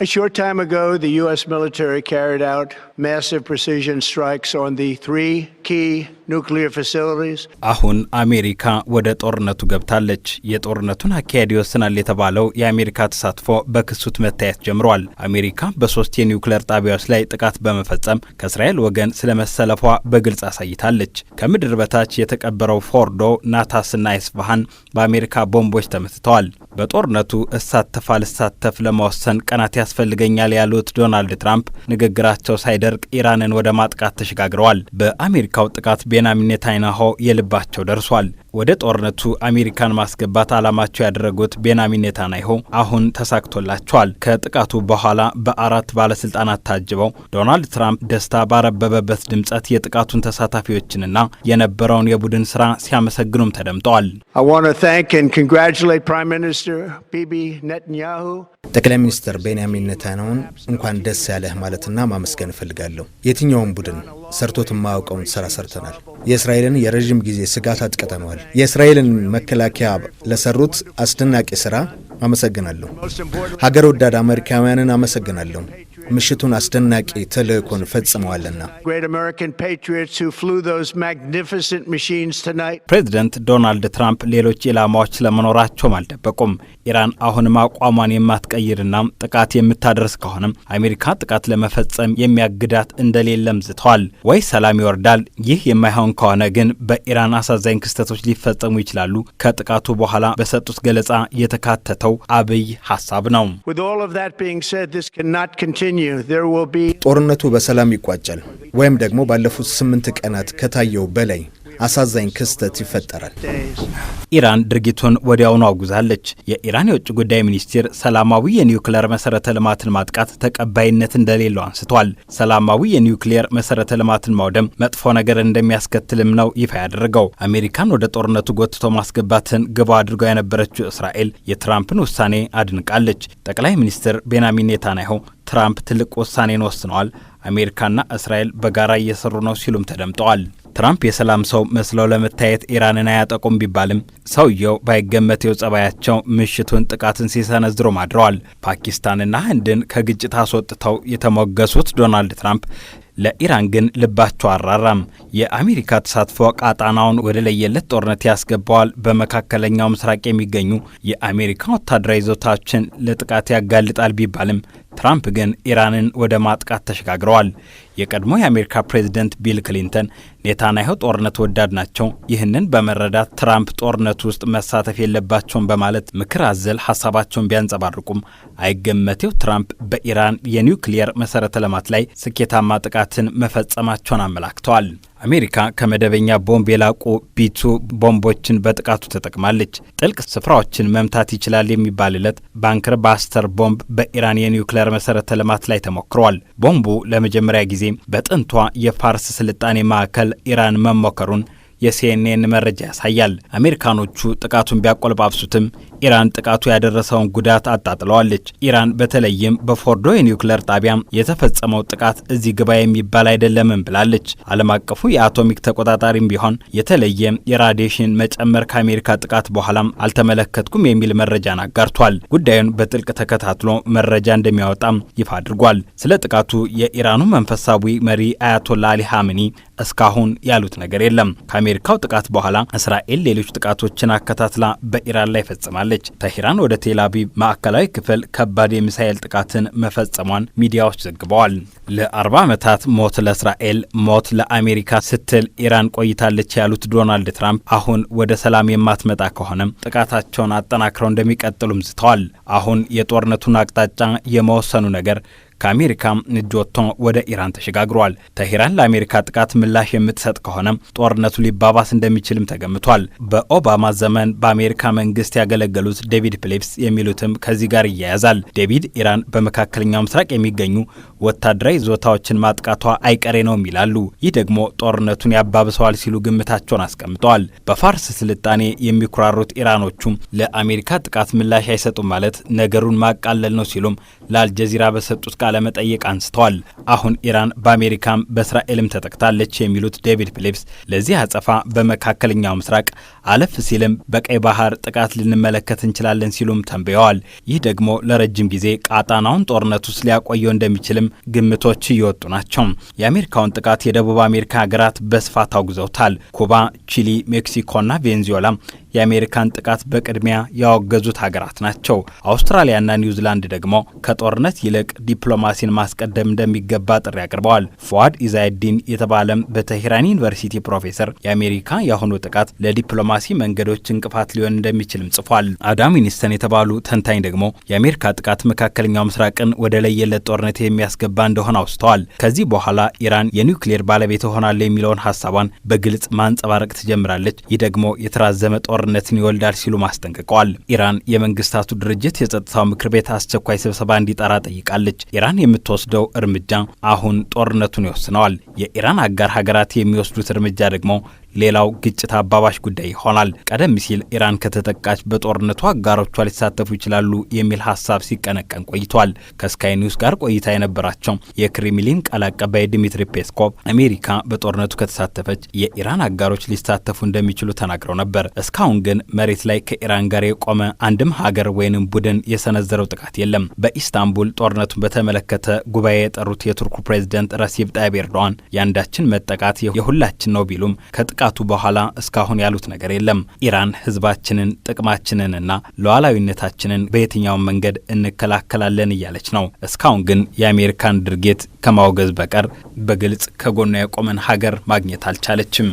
A short time ago, the U.S. military carried out massive precision strikes on the three key አሁን አሜሪካ ወደ ጦርነቱ ገብታለች። የጦርነቱን አካሄድ ይወስናል የተባለው የአሜሪካ ተሳትፎ በክሱት መታየት ጀምሯል። አሜሪካ በሶስት የኒውክሌር ጣቢያዎች ላይ ጥቃት በመፈጸም ከእስራኤል ወገን ስለመሰለፏ በግልጽ አሳይታለች። ከምድር በታች የተቀበረው ፎርዶ፣ ናታስና ኢስፋሃን በአሜሪካ ቦምቦች ተመትተዋል። በጦርነቱ እሳተፍ አልሳተፍ ለመወሰን ቀናት ያስፈልገኛል ያሉት ዶናልድ ትራምፕ ንግግራቸው ሳይደርቅ ኢራንን ወደ ማጥቃት ተሸጋግረዋል። በአሜሪካው ጥቃት ቤንያሚን ኔታንያሁ የልባቸው ደርሷል። ወደ ጦርነቱ አሜሪካን ማስገባት ዓላማቸው ያደረጉት ቤንያሚን ኔታንያሁ አሁን ተሳክቶላቸዋል። ከጥቃቱ በኋላ በአራት ባለስልጣናት ታጅበው ዶናልድ ትራምፕ ደስታ ባረበበበት ድምጸት የጥቃቱን ተሳታፊዎችንና የነበረውን የቡድን ስራ ሲያመሰግኑም ተደምጠዋል። ጠቅላይ ሚኒስትር ቤንያሚን ኔታንያሁን እንኳን ደስ ያለህ ማለትና ማመስገን እፈልጋለሁ። የትኛውን ቡድን ሰርቶት የማያውቀውን ስራ ሰርተናል። የእስራኤልን የረዥም ጊዜ ስጋት አጥቅተነዋል። የእስራኤልን መከላከያ ለሰሩት አስደናቂ ስራ አመሰግናለሁ። ሀገር ወዳድ አሜሪካውያንን አመሰግናለሁ። ምሽቱን አስደናቂ ተልእኮን ፈጽመዋልና። ፕሬዚደንት ዶናልድ ትራምፕ ሌሎች ኢላማዎች ስለመኖራቸውም አልደበቁም። ኢራን አሁንም አቋሟን የማትቀይርና ጥቃት የምታደርስ ከሆነም አሜሪካ ጥቃት ለመፈጸም የሚያግዳት እንደሌለም ዝተዋል። ወይ ሰላም ይወርዳል። ይህ የማይሆን ከሆነ ግን በኢራን አሳዛኝ ክስተቶች ሊፈጸሙ ይችላሉ። ከጥቃቱ በኋላ በሰጡት ገለጻ የተካተተው አብይ ሀሳብ ነው። ጦርነቱ በሰላም ይቋጫል ወይም ደግሞ ባለፉት ስምንት ቀናት ከታየው በላይ አሳዛኝ ክስተት ይፈጠራል። ኢራን ድርጊቱን ወዲያውኑ አውግዛለች። የኢራን የውጭ ጉዳይ ሚኒስቴር ሰላማዊ የኒውክሌር መሰረተ ልማትን ማጥቃት ተቀባይነት እንደሌለው አንስቷል። ሰላማዊ የኒውክሌር መሰረተ ልማትን ማውደም መጥፎ ነገር እንደሚያስከትልም ነው ይፋ ያደረገው። አሜሪካን ወደ ጦርነቱ ጎትቶ ማስገባትን ግባ አድርገው የነበረችው እስራኤል የትራምፕን ውሳኔ አድንቃለች። ጠቅላይ ሚኒስትር ቤንያሚን ኔታንያሁ ትራምፕ ትልቅ ውሳኔን ወስነዋል፣ አሜሪካና እስራኤል በጋራ እየሰሩ ነው ሲሉም ተደምጠዋል። ትራምፕ የሰላም ሰው መስለው ለመታየት ኢራንን አያጠቁም ቢባልም ሰውየው ባይገመቴው ጸባያቸው ምሽቱን ጥቃትን ሲሰነዝሩ አድረዋል። ፓኪስታንና ህንድን ከግጭት አስወጥተው የተሞገሱት ዶናልድ ትራምፕ ለኢራን ግን ልባቸው አራራም። የአሜሪካ ተሳትፎ ቃጣናውን ወደ ለየለት ጦርነት ያስገባዋል፣ በመካከለኛው ምስራቅ የሚገኙ የአሜሪካ ወታደራዊ ይዞታዎችን ለጥቃት ያጋልጣል ቢባልም ትራምፕ ግን ኢራንን ወደ ማጥቃት ተሸጋግረዋል። የቀድሞ የአሜሪካ ፕሬዝደንት ቢል ክሊንተን ኔታንያሁ ጦርነት ወዳድ ናቸው፣ ይህንን በመረዳት ትራምፕ ጦርነት ውስጥ መሳተፍ የለባቸውም በማለት ምክር አዘል ሀሳባቸውን ቢያንጸባርቁም አይገመቴው ትራምፕ በኢራን የኒውክሊየር መሠረተ ልማት ላይ ስኬታማ ጥቃትን መፈጸማቸውን አመላክተዋል። አሜሪካ ከመደበኛ ቦምብ የላቁ ቢቱ ቦምቦችን በጥቃቱ ተጠቅማለች። ጥልቅ ስፍራዎችን መምታት ይችላል የሚባልለት ባንከር ባስተር ቦምብ በኢራን የኒውክሌር መሰረተ ልማት ላይ ተሞክሯል። ቦምቡ ለመጀመሪያ ጊዜ በጥንቷ የፋርስ ስልጣኔ ማዕከል ኢራን መሞከሩን የሲኤንኤን መረጃ ያሳያል። አሜሪካኖቹ ጥቃቱን ቢያቆልባብሱትም ኢራን ጥቃቱ ያደረሰውን ጉዳት አጣጥለዋለች። ኢራን በተለይም በፎርዶ የኒውክለር ጣቢያ የተፈጸመው ጥቃት እዚህ ግባ የሚባል አይደለምም ብላለች። ዓለም አቀፉ የአቶሚክ ተቆጣጣሪም ቢሆን የተለየ የራዲሽን መጨመር ከአሜሪካ ጥቃት በኋላም አልተመለከትኩም የሚል መረጃን አጋርቷል። ጉዳዩን በጥልቅ ተከታትሎ መረጃ እንደሚያወጣም ይፋ አድርጓል። ስለ ጥቃቱ የኢራኑ መንፈሳዊ መሪ አያቶላ አሊ ሀምኒ እስካሁን ያሉት ነገር የለም። ከአሜሪካው ጥቃት በኋላ እስራኤል ሌሎች ጥቃቶችን አከታትላ በኢራን ላይ ፈጽማለች። ተሄራን ወደ ቴልአቪቭ ማዕከላዊ ክፍል ከባድ የሚሳኤል ጥቃትን መፈጸሟን ሚዲያዎች ዘግበዋል ለአርባ ዓመታት ሞት ለእስራኤል ሞት ለአሜሪካ ስትል ኢራን ቆይታለች ያሉት ዶናልድ ትራምፕ አሁን ወደ ሰላም የማትመጣ ከሆነም ጥቃታቸውን አጠናክረው እንደሚቀጥሉም ዝተዋል። አሁን የጦርነቱን አቅጣጫ የመወሰኑ ነገር ከአሜሪካ እጅ ወጥቶ ወደ ኢራን ተሸጋግሯል። ተሄራን ለአሜሪካ ጥቃት ምላሽ የምትሰጥ ከሆነ ጦርነቱ ሊባባስ እንደሚችልም ተገምቷል። በኦባማ ዘመን በአሜሪካ መንግስት ያገለገሉት ዴቪድ ፕሊፕስ የሚሉትም ከዚህ ጋር ይያያዛል። ዴቪድ ኢራን በመካከለኛው ምስራቅ የሚገኙ ወታደራዊ ዞታዎችን ማጥቃቷ አይቀሬ ነውም ይላሉ። ይህ ደግሞ ጦርነቱን ያባብሰዋል ሲሉ ግምታቸውን አስቀምጠዋል። በፋርስ ስልጣኔ የሚኩራሩት ኢራኖቹም ለአሜሪካ ጥቃት ምላሽ አይሰጡም ማለት ነገሩን ማቃለል ነው ሲሉም ለአልጀዚራ በሰጡት ቃለ መጠይቅ አንስተዋል። አሁን ኢራን በአሜሪካም በእስራኤልም ተጠቅታለች የሚሉት ዴቪድ ፊሊፕስ ለዚህ አጸፋ በመካከለኛው ምስራቅ አለፍ ሲልም በቀይ ባህር ጥቃት ልንመለከት እንችላለን ሲሉም ተንብየዋል። ይህ ደግሞ ለረጅም ጊዜ ቃጣናውን ጦርነት ውስጥ ሊያቆየው እንደሚችልም ግምቶች እየወጡ ናቸው። የአሜሪካውን ጥቃት የደቡብ አሜሪካ ሀገራት በስፋት አውግዘውታል። ኩባ፣ ቺሊ፣ ሜክሲኮና ቬንዙዌላ የአሜሪካን ጥቃት በቅድሚያ ያወገዙት ሀገራት ናቸው። አውስትራሊያና ኒውዚላንድ ደግሞ ከጦርነት ይልቅ ዲፕሎማሲን ማስቀደም እንደሚገባ ጥሪ አቅርበዋል። ፉአድ ኢዛይዲን የተባለም በቴህራን ዩኒቨርሲቲ ፕሮፌሰር የአሜሪካ የአሁኑ ጥቃት ለዲፕሎማሲ መንገዶች እንቅፋት ሊሆን እንደሚችልም ጽፏል። አዳም ኢንስተን የተባሉ ተንታኝ ደግሞ የአሜሪካ ጥቃት መካከለኛው ምስራቅን ወደ ለየለት ጦርነት የሚያስገባ እንደሆነ አውስተዋል። ከዚህ በኋላ ኢራን የኒውክሌር ባለቤት ሆናለ የሚለውን ሀሳቧን በግልጽ ማንጸባረቅ ትጀምራለች። ይህ ደግሞ የተራዘመ ጦር ጦርነትን ይወልዳል ሲሉ ማስጠንቅቀዋል። ኢራን የመንግስታቱ ድርጅት የጸጥታው ምክር ቤት አስቸኳይ ስብሰባ እንዲጠራ ጠይቃለች። ኢራን የምትወስደው እርምጃ አሁን ጦርነቱን ይወስነዋል። የኢራን አጋር ሀገራት የሚወስዱት እርምጃ ደግሞ ሌላው ግጭት አባባሽ ጉዳይ ይሆናል። ቀደም ሲል ኢራን ከተጠቃች በጦርነቱ አጋሮቿ ሊሳተፉ ይችላሉ የሚል ሀሳብ ሲቀነቀን ቆይቷል። ከስካይ ኒውስ ጋር ቆይታ የነበራቸው የክሬምሊን ቃል አቀባይ ድሚትሪ ፔስኮቭ አሜሪካ በጦርነቱ ከተሳተፈች የኢራን አጋሮች ሊሳተፉ እንደሚችሉ ተናግረው ነበር። እስካሁን ግን መሬት ላይ ከኢራን ጋር የቆመ አንድም ሀገር ወይንም ቡድን የሰነዘረው ጥቃት የለም። በኢስታንቡል ጦርነቱን በተመለከተ ጉባኤ የጠሩት የቱርኩ ፕሬዚደንት ረሲብ ጣይብ ኤርዶዋን የአንዳችን መጠቃት የሁላችን ነው ቢሉም ከጥቃ ከጥቃቱ በኋላ እስካሁን ያሉት ነገር የለም። ኢራን ህዝባችንን፣ ጥቅማችንንና ሉዓላዊነታችንን በየትኛውም መንገድ እንከላከላለን እያለች ነው። እስካሁን ግን የአሜሪካን ድርጊት ከማውገዝ በቀር በግልጽ ከጎኗ የቆመን ሀገር ማግኘት አልቻለችም።